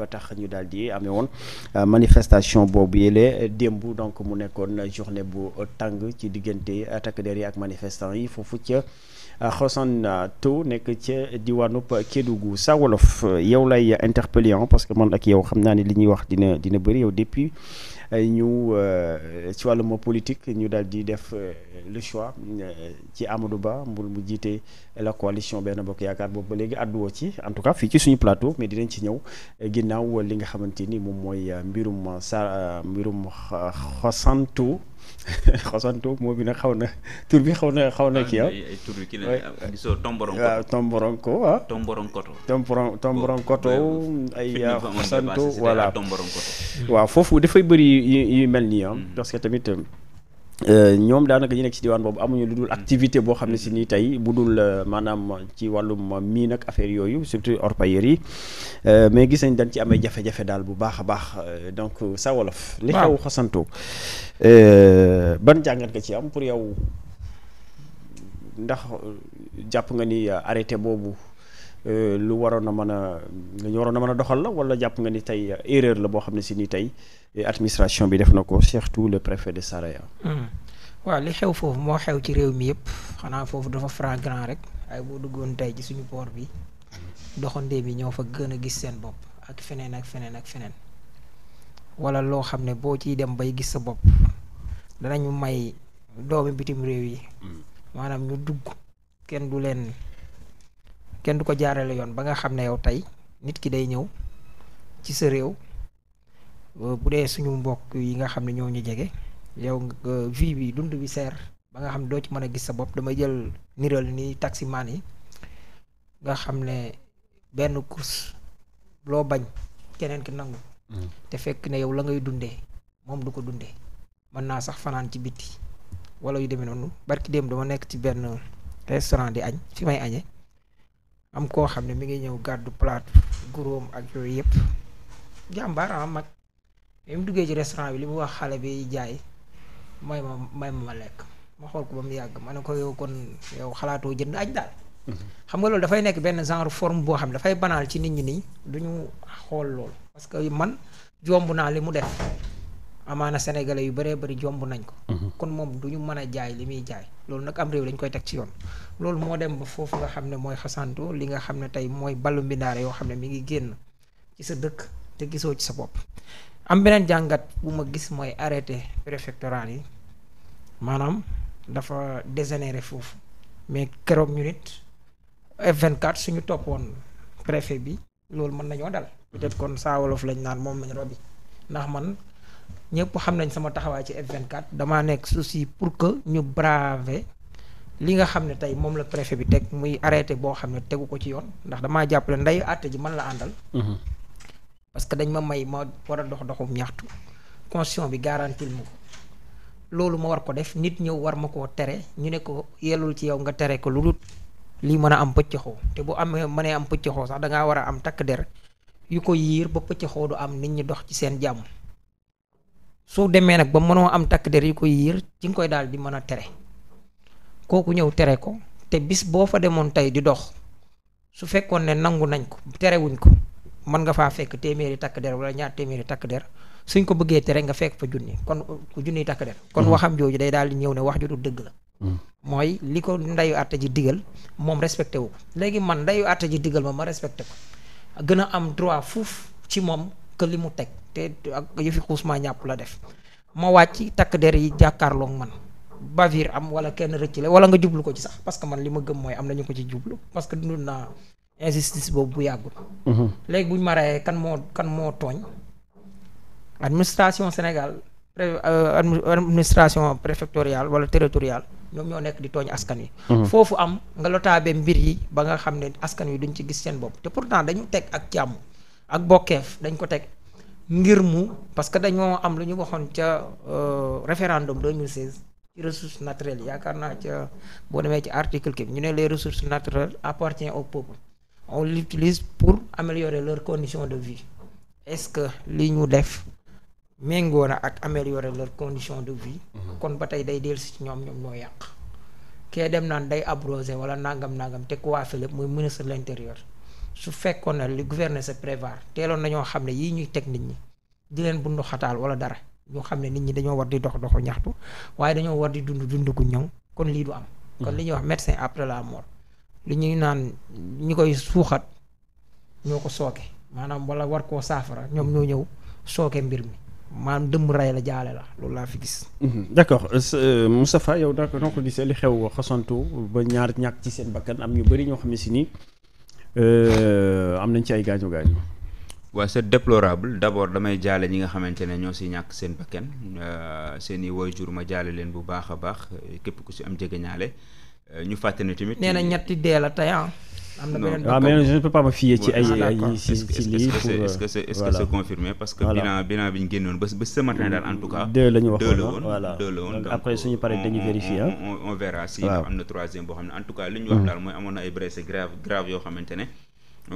ba tax ñu daal di amee woon euh, manifestation boobu yële démb donc mu nekkoon journée bu tàng ci diggante takk der yi ak manifestant yi foofu ca euh, xosan to nekk ca diwaanub Kédougou Saa Wolof euh, yow lay interpellé parce que man ak yow xam naa ne li ñuy wax dina dina bëri yow depuis ay ñu euh, ci wàllum politique ñu daal di def euh, le choix euh, ci Amadou Ba mbul mu jiite la coalition benn bokk yaakaar boobu ba léegi àdduwoo ci en tout cas fii ci suñu plateau mais dinañ ci ñëw ginnaaw li nga xamante ni moom mooy mbirum sa mbirum xosantu xosantu moo bi na xaw na tur bi xaw na xaw na kii ah. tur bi kii la ah, ko waaw. Ah. tomboron koto. tomboron tomboron koto. ay ah, xosantu voilà. waaw foofu dafay bëri yu yu mel nii ah. Mm-hmm. parce que tamit. Euh, ñoom daanaka ñu nekk ci diwaan boobu amuñu lu dul mm. activité boo xam ne si nii tey bu dul euh, maanaam ci wàllum mii nag affaire yooyu surtout orpailleurs yi euh, mais gis nañ dañ ci amee jafe-jafe daal bu baax a baax euh, donc sa wolof li xew xasantu ban jàngat nga ci am pour yow ndax jàpp nga ni arrêté boobu lu waroon a mën a nga waroon a mën a doxal la wala jàpp nga ni tey erreur la boo xam ne si nii tey et administration bi def na ko surtout le préfet de Saraya. Hmm. waaw li xew foofu moo xew ci réew mi yëpp xanaa foofu dafa flagrant rek ay boo duggoon tey ci suñu port bi doxandéem yi ñoo fa gën a gis seen bopp ak feneen ak feneen ak feneen wala loo xam ne boo ciy dem bay gis sa bopp ñu may doomi bitim réew yi hmm. maanaam ñu dugg kenn du leen kenn du ko jaarale yoon ba nga xam ne yow tey nit ki day ñëw ci sa réew Euh, bu dee suñu mbokk yi nga xam ne ñoo ñu jege yow vie bi dund bi seer ba nga xam ne doo ci mën a gis sa bopp damay jël niral ni taximaan yi nga xam ne benn course loo bañ keneen ki nangu hmm. te fekk ne yow la ngay dundee moom du ko dundee mën naa sax fanaan ci biti wala yu demee noonu barki dem dama nekk ci benn restaurant di añ fi may añee am koo xam ne mi ngi ñëw gàddu palaat guróom ak yooyu yëpp jàmbaar am ah, mag bi mu duggee ci restaurant bi li mu wax xale bi jaay may ma may ma ma lekk ma xool ko ba mu yàgg ma ne ko yow kon yow xalaatoo jënd añ daal. Mm-hmm. xam nga loolu dafay nekk benn genre forme boo xam dafay banal ci nit ñi nii du ñu parce que man jomb naa li mu def amaana sénégalais yu bëree bëri jomb nañ ko. Mm-hmm. kon moom du mën a jaay li muy jaay. loolu nag am réew dañ koy teg ci yoon loolu moo dem ba foofu nga xam ne mooy xasantu li nga xam ne tey mooy ballu mbindaare yoo xam ne mi ngi génn ci sa dëkk te gisoo ci sa bopp. am beneen jàngat bu ma gis mooy arrêté préfectoral yi maanaam dafa dégénéré foofu mais keroog ñu nit F24 suñu toppoon préfet bi loolu mën nañoo dal. peut-être kon saa wolof lañ naan moom lañ robi ndax man ñëpp xam nañ sama taxawaay ci F24 damaa nekk si pour que ñu braver li nga xam ne tey moom la préfet bi teg muy arrêté boo xam ne tegu ko ci yoon ndax damaa jàppale ndeyu àtte ji man la àndal. Mhm. parce que dañ ma may ma war a dox doxum ñaxtu constitution bi garantil ma ko loolu ma war ko def nit ñëw war ma koo tere ñu ne ko yellul ci yow nga tere ko lu dul lii mën a am pëccëxoo te bu amee mënee am pëccëxoo sax dangaa war a am takk der yu ko yiir ba pëccëxoo du am nit ñi dox ci seen jàmm soo demee nag ba mënoo am takk der yu ko yiir ci nga koy daal di mën a tere kooku ñëw tere ko te bis boo fa demoon tey di dox su fekkoon ne nangu nañ ko terewuñ ko man nga faa fekk téeméeri takk der wala ñaar téeméeri takk der suñ ko bëggee tere nga fekk fa junni kon uh, junniy takk der kon mm-hmm. waxam jooju day daal di ñëw ne wax ju du dëgg la mm-hmm. mooy li ko ndeyu àtte ji digal moom respecté wu léegi man ndeyu àtte ji digal ma ma respecté ko gën a am droit fuuf ci moom que li mu teg te ak yëfi xuusmaa ñàpp la def ma wàcc takk der yi jàkkaarlook man bavir am wala kenn rëcc la wala nga jublu ko ci sax parce que man li ma gëm am nañu ko ci jublu injustice boobu bu yàggul. Mhm. léegi bu ñu maree kan moo kan moo tooñ. administration Sénégal euh, administration préfectoriale wala territoriale ñoom ñoo nekk di tooñ askan wi. Mhm. foofu am nga lotaabe mbir yi ba nga xam ne askan wi duñ ci gis seen bopp te pourtant dañu teg ak jàmm ak bokkeef dañ ko teg ngir mu parce que dañoo am lu ñu waxoon ca euh, référendum 2016. ci ressources naturelles yaakaar naa ca boo demee ci article ki ñu ne les ressource naturelles appartiennent au peuple. on l'utilise pour améliorer leur condition de vie est-ce que li ñu def méngoo na ak améliorer leur condition de vie mhm. kon ba tey day dellusi si ñoom ñoom ñoo yàq kee dem naan day abrogé wala nangam nangam te ku waafe lépp muy ministre de l'intérieur su fekkoon na li gouverner sa prévoir teeloon nañoo xam ne yii ñuy teg nit ñi di leen bundu xataal wala dara ñu xam ne nit ñi dañoo war di dox doxu ñaxtu waaye dañoo war di dund dund ku ñëw kon lii du am kon mhm. li ñuy wax médecin après la mort li ñuy naan ñi koy suuxat ñoo ko sooke maanaam walla war koo saafara ñoom ñoo ñëw sooke mbir mi maanaam dëmm ray la jaale la loolu laa fi gis. Mhm. d' accord euh, euh, Moustapha yow daa ko noo ko gisee li xew xasantu ba ñaar ñàkk ci seen bakkan am ñu bëri ñoo xam ne si nii euh, am nañ ci ay gaañu gaañu. waaw c' est déplorable d' abord damay jaale ñi nga xamante ne ñoo si ñàkk seen bakkan seen i woy jur ma jaale leen bu baax a baax képp ku si am jegeñaale ñu fàtte ne tamit. nee na ñetti dee la tey ah. am na beneen waaw ah, mais je ne peux pas me fier ci ay ah, ay ci ci lii pour euh, est-ce que c'est est-ce que c'est confirmé parce que bilan bilan bi ñu génnoon ba ba ce matin daal en tout cas. deux la ñu waxoon deux la woon voilà deux la woon après suñu paree dañu vérifier on verra si am na troisième boo xam ne en tout cas li ñu wax daal mooy amoon na ay blessés grave grave yoo xamante ne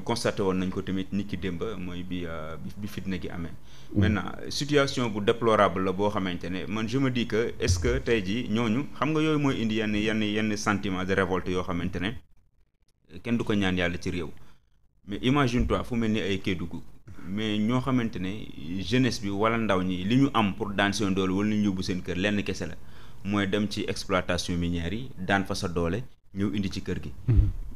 constaté woon nañ ko tamit nit ki démb mooy euh, bi bi fitna gi amee. Mm. maintenant situation bu déplorable la boo xamante ne man je me dis que est-ce que tey jii ñooñu xam nga yooyu mooy indi yenn yenn yenn santiment de révolte yoo xamante ne kenn du ko ñaan yàlla ci réew. mais imagine toi fu mel ni ay Kédougou mais ñoo xamante ne jeunesse bi wala ndaw ñi li ñu am pour daan seen doole wala li ñu yóbbu seen kër lenn kese la mooy dem ci exploitation minière yi daan fa sa doole ñëw indi ci kër gi. Mm-hmm.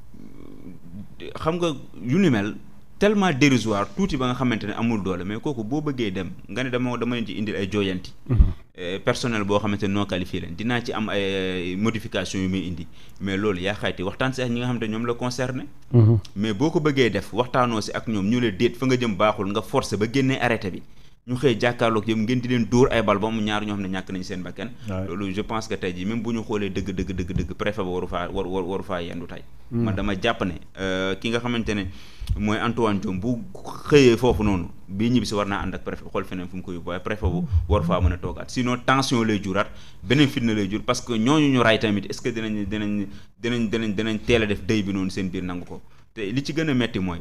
xam nga yu ni mel tellement dérisoire tuuti ba nga xamante ne amul doole mais kooku boo bëggee dem nga ne dama dama leen indi indil ay jooyanti. Mm-hmm. personnel boo xamante ne non qualifié leen dinaa ci am ay modification yu muy indi mais loolu yaa xayti waxtaan si ak ñi nga xam xamante ñoom la concerné. Mm-hmm. mais boo ko bëggee def waxtaanoo si ak ñoom ñu la déet fa nga jëm baaxul nga force ba génnee arrêté bi. ñu xëy jàkkaarloog yëpp ngeen di leen dóor ay bal ba mu ñaar ñoo xam ne ñàkk nañu seen bakkan loolu je pense que tey jii même bu ñu xoolee dëgg dëgg dëgg dëgg préfet ba waru faa war waru faa yendu tey hmm. man dama jàpp ne euh, ki nga xamante ne mooy Antoine Diome bu xëyee foofu noonu bii ñibbi si war naa ànd ak préfet xool feneen fu mu ko yóbbu waaye préfet bu war faa mën a sinon tension lay juraat beneen fitna lay jur parce que ñooñu ñu ray tamit est-ce que dinañ dinañ teel a def bi noonu seen biir nangu ko te li ci gën a metti mooy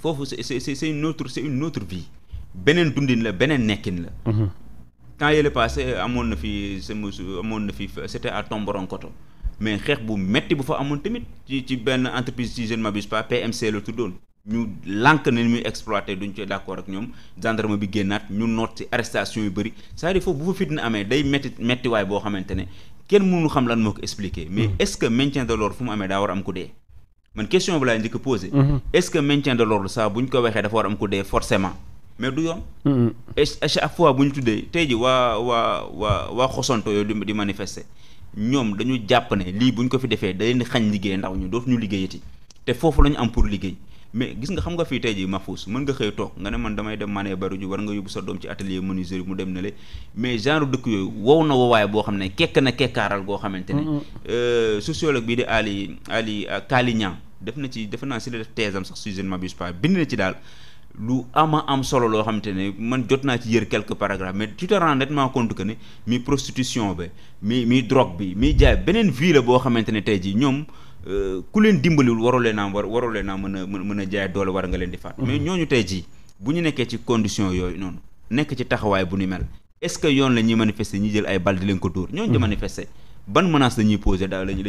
foofu c'est c'est c'est une beneen dundin la beneen nekkin la. Mhm. temps yële passé amoon na fi sama amoon na fi c'était à Tomboronkoto mais xeex bu metti bu fa amoon tamit ci ci benn entreprise si je ne m'abuse pas PMC la tuddoon. ñu lànk na ni duñ ci d'accord ak ñoom gendarme bi génnaat ñu noot ci arrestation yu bëri c'est-à-dire bu fa fitna amee day metti mettiwaay boo xamante ne kenn mënu xam lan moo ko expliqué. mais mhm. est-ce que maintien de l'ordre fu mu amee daa war am ku dee. man question bu laay njëkk posé. Mhm. est-ce que maintien de mais du yoon. Mm-hmm. et à chaque fois bu ñu tuddee tey ji waa waa waa waa xosonto yooyu di manifester ñoom dañu jàpp ne lii bu ñu ko fi defee da ni xañ liggéey ndaw ñu ñu dootuñu liggéeyati te foofu lañu am pour liggéey mais gis nga xam nga fii tey ji Mahfouz mën nga xëy toog nga ne man damay dem mané baru ju war nga yóbbu sa doom ci atelier menuiserie mu dem na le mais genre dëkk yooyu wow na wawaay boo xam ne kekk na kekkaaral goo xamante ne mm-hmm. euh, sociologue bii di Ali Ali euh, Kaliñan def na ci def naa si la def am sax si je bind na ci daal lu ama am solo loo xamante ne man jot naa ci yër quelques paragraphes mais tu te rends nettement compte que ne mi prostitution ba mi drogue bi mi jaay beneen vie boo xamante ne tey jii ñoom euh, ku leen dimbaliwul waroo leen a war waroo leen a mën a mën a jaay doole war nga leen di faat. mais mhm. ñooñu tey jii bu ñu nekkee ci condition yooyu noonu nekk ci taxawaay bu ni mel est-ce que yoon la ñuy manifester ñi jël ay bal di leen ko dóor. ñooñu di mhm. manifester ban menace la ñuy poser daal la ñuy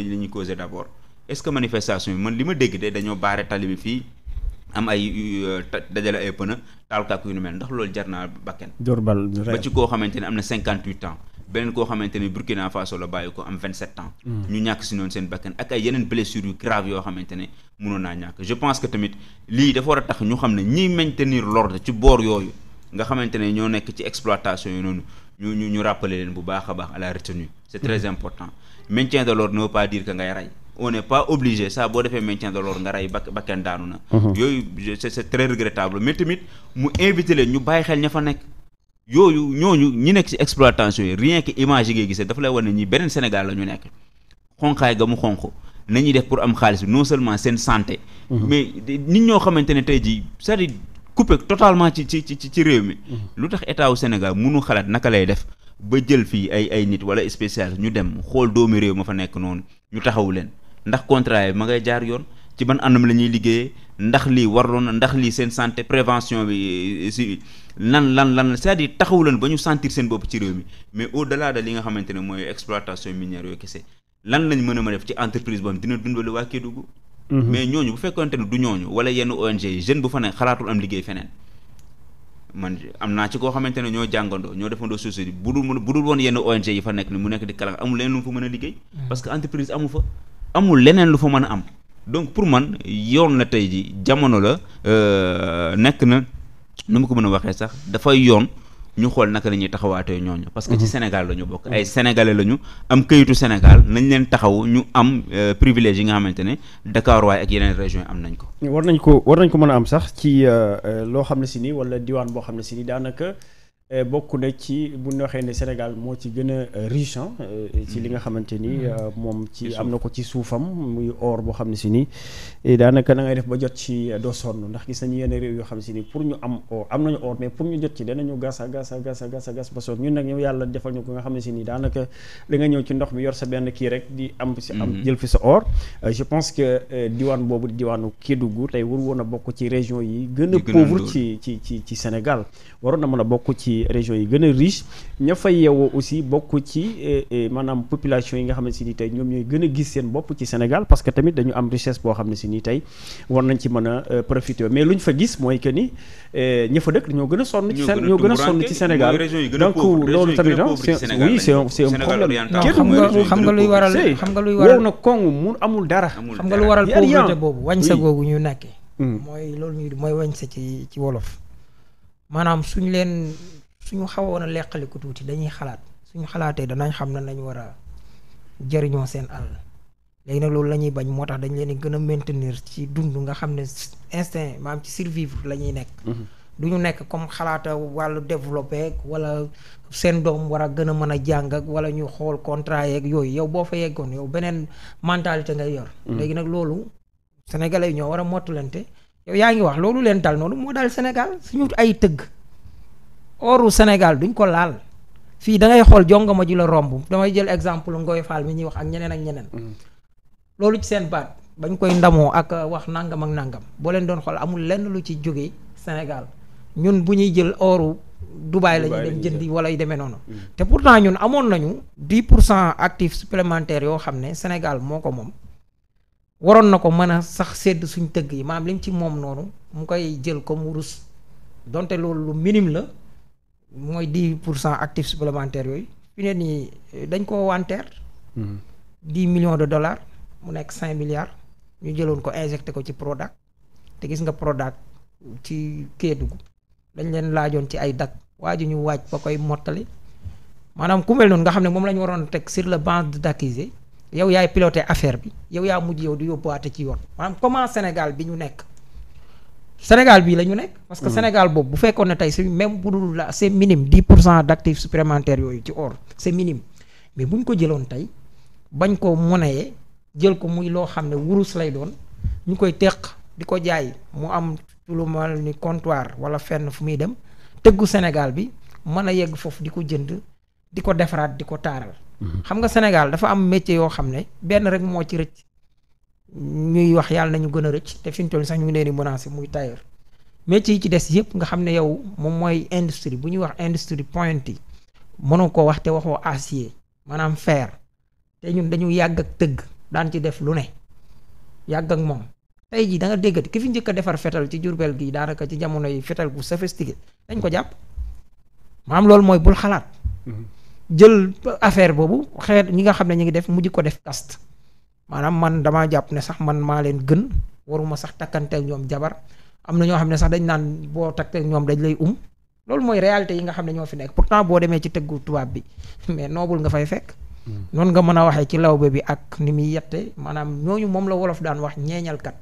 li ma dégg de dañoo baare tali fii. am ay euh, dajale ay pneu taal kàkku yu nu mel ndax loolu jar naa bakken ba ci koo xamante ne am na cinquante huit ans beneen koo xamante ne Burkina Faso la bàyyi ko am vingt sept ans mm. ñu ñàkk si noonu seen bakken ak ay yeneen blessures yu grave yoo xamante ne mënoon naa ñàkk je pense que tamit lii dafa war a tax ñu xam ne ñiy maintenir l'ordre ci boor yooyu nga xamante ne ñoo nekk ci exploitation yi noonu ñu ñu ñu rappeler leen bu baax a baax à la retenue c'est mm. très important maintien de l'ordre ne ngay rey on n'est pas obligé saa boo defee maintien de l'ordre nga rey ba bakken daanu na mhm. yooyu c'est très regrettable mais tamit mu invité leen ñu bàyyi xel ña fa nekk yooyu ñooñu ñi nekk ci exploitation yi rien que image yi ngay gisee dafa lay war ne ñi beneen Sénégal la ñu nekk xonqaay ga mu xonq nañuy def pour am xaalis bi non seulement seen santé mhm. mais nit ñoo xamante ne tey jii c'est-à-dire coupé totalement ci ci ci ci réew mi mhm. lu tax état wu Sénégal munu xalaat naka lay def ba jël fii ay ay nit wala spécial ñu dem xool doomi réew ma fa nekk noonu ñu taxaw leen ndax contrat yi ma ngay jaar yoon ci ban anam la ñuy liggéeyee ndax lii warloon na ndax lii seen santé prévention bi euh, si lan lan lan cest à leen ba ñu sentir seen bopp ci réew mi mais au delà de li nga xamante ne mooy exploitation minière kese lan lañ mën a ma def ci entreprise boobu dina dundale waa Kédougou mhm. mais ñooñu bu fekkonte ne du ñooñu wala yenn ONG yi bu fa xalaatul am liggéey feneen man am na ci koo xamante ne ñoo jàngandoo ñoo defandoo société bu dul bu dul woon yenn ONG yi fa nekk ni mu nekk di kalang amul leen lu mu fa mën a liggéey parce entreprise amu fa amul leneen lu fa mën a am donc pour man yoon na tey ji jamono la euh, nekk na nu ma ko mën a waxee sax dafay yoon ñu xool naka la ñuy taxawaatee ñooñu. parce que ci mhm. Sénégal la ñu bokk. ay sénégalais lañu am kayitu Sénégal nañ leen taxaw ñu am euh, privilège yi nga xamante ne Dakar waaye ak yeneen région am nañ ko. war nañ ko war nañ ko mën a am sax ci euh, loo xam ne si nii wala diwaan boo xam ne si nii daanaka. Eh, bokk na ci bu ñu waxee ne Sénégal moo ci gën a euh, riche euh, ci li nga xamante ni mm-hmm. euh, moom ci am na ko ci suufam muy or boo xam ne si ni daanaka na ngay def ba jot ci doo sonn ndax gis nañu yenn réew yoo xam si ni pour ñu am or am nañu or mais pour ñu jot ci danañu gas a gas a gas a gas a gas ba sonn ñun nag ñëw yàlla defal ñu ko nga xam ne si ni daanaka da ñëw ci ndox mi yor sa benn kii rek di am si am mm-hmm. jël fi sa or je pense que diwaan boobu di diwaanu Kédougou tey war woon a bokk ci région yi gën a ci ci ci ci Sénégal ci régions yi gën a riche ña aussi bokk ci eh, eh, maanaam population yi nga xam ne si ni tey ñoom ñooy gën a gis seen bopp ci Sénégal parce que tamit dañu am richesse boo xam ne si ni tey war nañ ci mën a eh, profité mais lu ñu fa gis mooy que ni ña fa ñoo gën a sonn ci ñoo gën a sonn ci Sénégal donc loolu tamit ah oui c'est un c'est un problème kenn xam nga xam nga luy waral wow na kong mu amul dara xam nga lu waral pauvreté boobu wañ sa mm. mooy loolu wañ sa ci ci wolof maanaam suñ leen suñu xawoon a leqaliku tuuti dañuy xalaat suñu xalaatee danañ xam na lañ war a jëriñoo seen àll léegi nag loolu la ñuy bañ moo tax dañ leen gën a maintenir ci dund nga xam ne instinct maam ci survivre la ñuy nekk mhm. du ñu nekk comme xalaata wàllu développé wala seen doom war a gën a mën a jàng wala ñu xool contrat yeeg yooyu yow boo fa yeggoon yow beneen mentalité ngay yor mhm. léegi nag loolu sénégalais yi ñoo war a mottulante yow yaa ngi wax loolu leen dal noonu moo daal Sénégal suñu ay tëgg oru Sénégal duñ ko laal fii da ngay xool jongama ji la romb damay jël exemple Ngoy Fall mi ñuy wax ak ñeneen ak ñeneen. Mm. loolu ci seen baat bañ koy ndamoo ak euh, wax nangam ak nangam boo leen doon xool amul lenn lu ci jóge Sénégal ñun bu ñuy jël oru. Dubaay la ñuy dem jëndi wala yu demee noonu. Mm. te pourtant ñun amoon nañu. 10 pour cent actifs supplémentaires yoo xam ne Sénégal moo ko moom. waroon na ko mën a sax sédd suñ tëgg yi maanaam lim ci moom noonu mu koy jël comme wurus donte loolu lu la. mooy dix pour cent actifs supplémentaires yooyu fi ne nii eh, dañ koo wanteer mhm. dix millions de dollars mu nekk cinq milliards ñu jëloon ko injecté ko ci Prodac te gis nga Prodac ci Kédougou dañ leen laajoon ci ay dak waa ji ñu waaj ba koy mottali maanaam ku mel noonu nga xam ne moom la ñu waroon teg sur le de d'accusés yow yaay piloté affaire bi yow yaa mujj yow di yóbbuwaate ci yoon maanaam comment Sénégal bi ñu nekk Sénégal bii la ñu nekk. parce que hmm. Sénégal boobu bu fekkoon ne tey si même bu dul la c'est minime 10 pour cent d'actifs supplémentaires yooyu ci oor c'est minime mais bu ñu ko jëloon tey bañ ko monnayer jël ko muy loo xam ne wurus lay doon ñu koy teq di ko jaay mu am lu mel ni comptoir wala fenn fu muy dem tëggu Sénégal bi mën a yegg foofu di ko jënd di ko defaraat di ko taaral. Hmm. xam nga Sénégal dafa am métier yoo xam ne benn rek moo ci rëcc ñuy wax yàlla nañu gën a rëcc te fi ñu toll sax ñu ngi leen di menacé muy tailleur métier yi ci des yëpp nga xam ne yow moom mooy industrie bu ñuy wax industrie point yi mënoo ko wax te waxoo acier maanaam fer te ñun dañu yàgg ak tëgg daan ci def lu ne yàgg ak moom tey jii da nga déggati ki fi njëkk a defar fetal ci jurbel gi daanaka ci jamono yi fetal gu sophistiqué dañ ko jàpp maam loolu mooy bul xalaat mm-hmm. jël affaire boobu xeet ñi nga xam ne ñu ngi def mujj ko def kast maanaam man damaa jàpp ne sax man maa leen gën waruma sax takkanteeg ñoom jabar am na ñoo xam ne sax dañ naan boo takkanteeg ñoom dañ lay um loolu mooy réalité yi nga xam ne ñoo fi nekk pourtant boo demee ci tëggu tubaab bi mais noobul nga fay fekk. Hmm. noonu nga mën a waxee ci lawbe bi ak ni muy yette maanaam ñooñu moom la wolof daan wax ñeeñalkat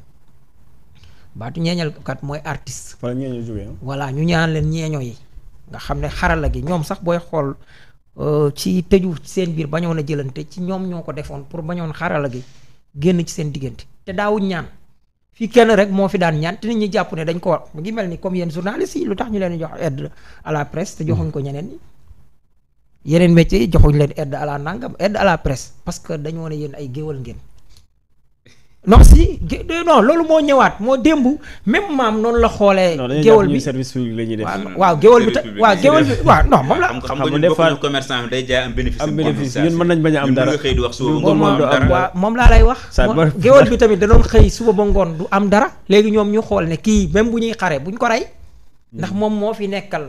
baatu ñeeñalkat mooy artiste. wala ñeeño jógee ah? voilà ñu ñaan leen ñeeño yi. nga xam ne xarala gi ñoom sax booy xool Euh, ci tëju seen biir bañoon a jëlante ci ñoom ñoo ko defoon pour bañoon xarala gi génn ci seen diggante te daawuñ ñaan fii kenn rek moo fi daan ñaan te nit ñi jàpp ne dañ ko war mu ngi mel ni comme yenn journaliste yi lu tax ñu leen jox aide à la presse te joxuñ ko ñeneen ñi yeneen métier yi joxuñ leen aide à la nangam aide à la presse parce que dañoo ne yéen ay géwal ngeen non si non loolu moo ñëwaat moo démb même maam noonu la xoolee. géwal bi service public la ñuy def. waaw géwal bi ta waaw géwal bi waaw non moom la. xam nga ñun bokkuñu commerçant day jaay am bénéfice. am bénéfice ñun mën nañ am dara xëy di wax suba ba ngoon du am moom laa lay wax. géwal bi tamit da doon xëy suba ba ngoon du am dara. léegi ñoom ñu xool ne kii même bu ñuy xare bu ñu ko rey. ndax moom moo fi nekkal.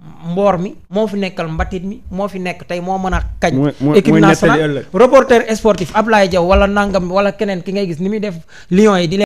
mboor mi moo fi nekkal mbatit mi moo fi nekk tey moo mën a kañ équipe nationale reporter sportif Ablaye Diaw wala nangam wala keneen ki ngay gis ni muy def Lions yi di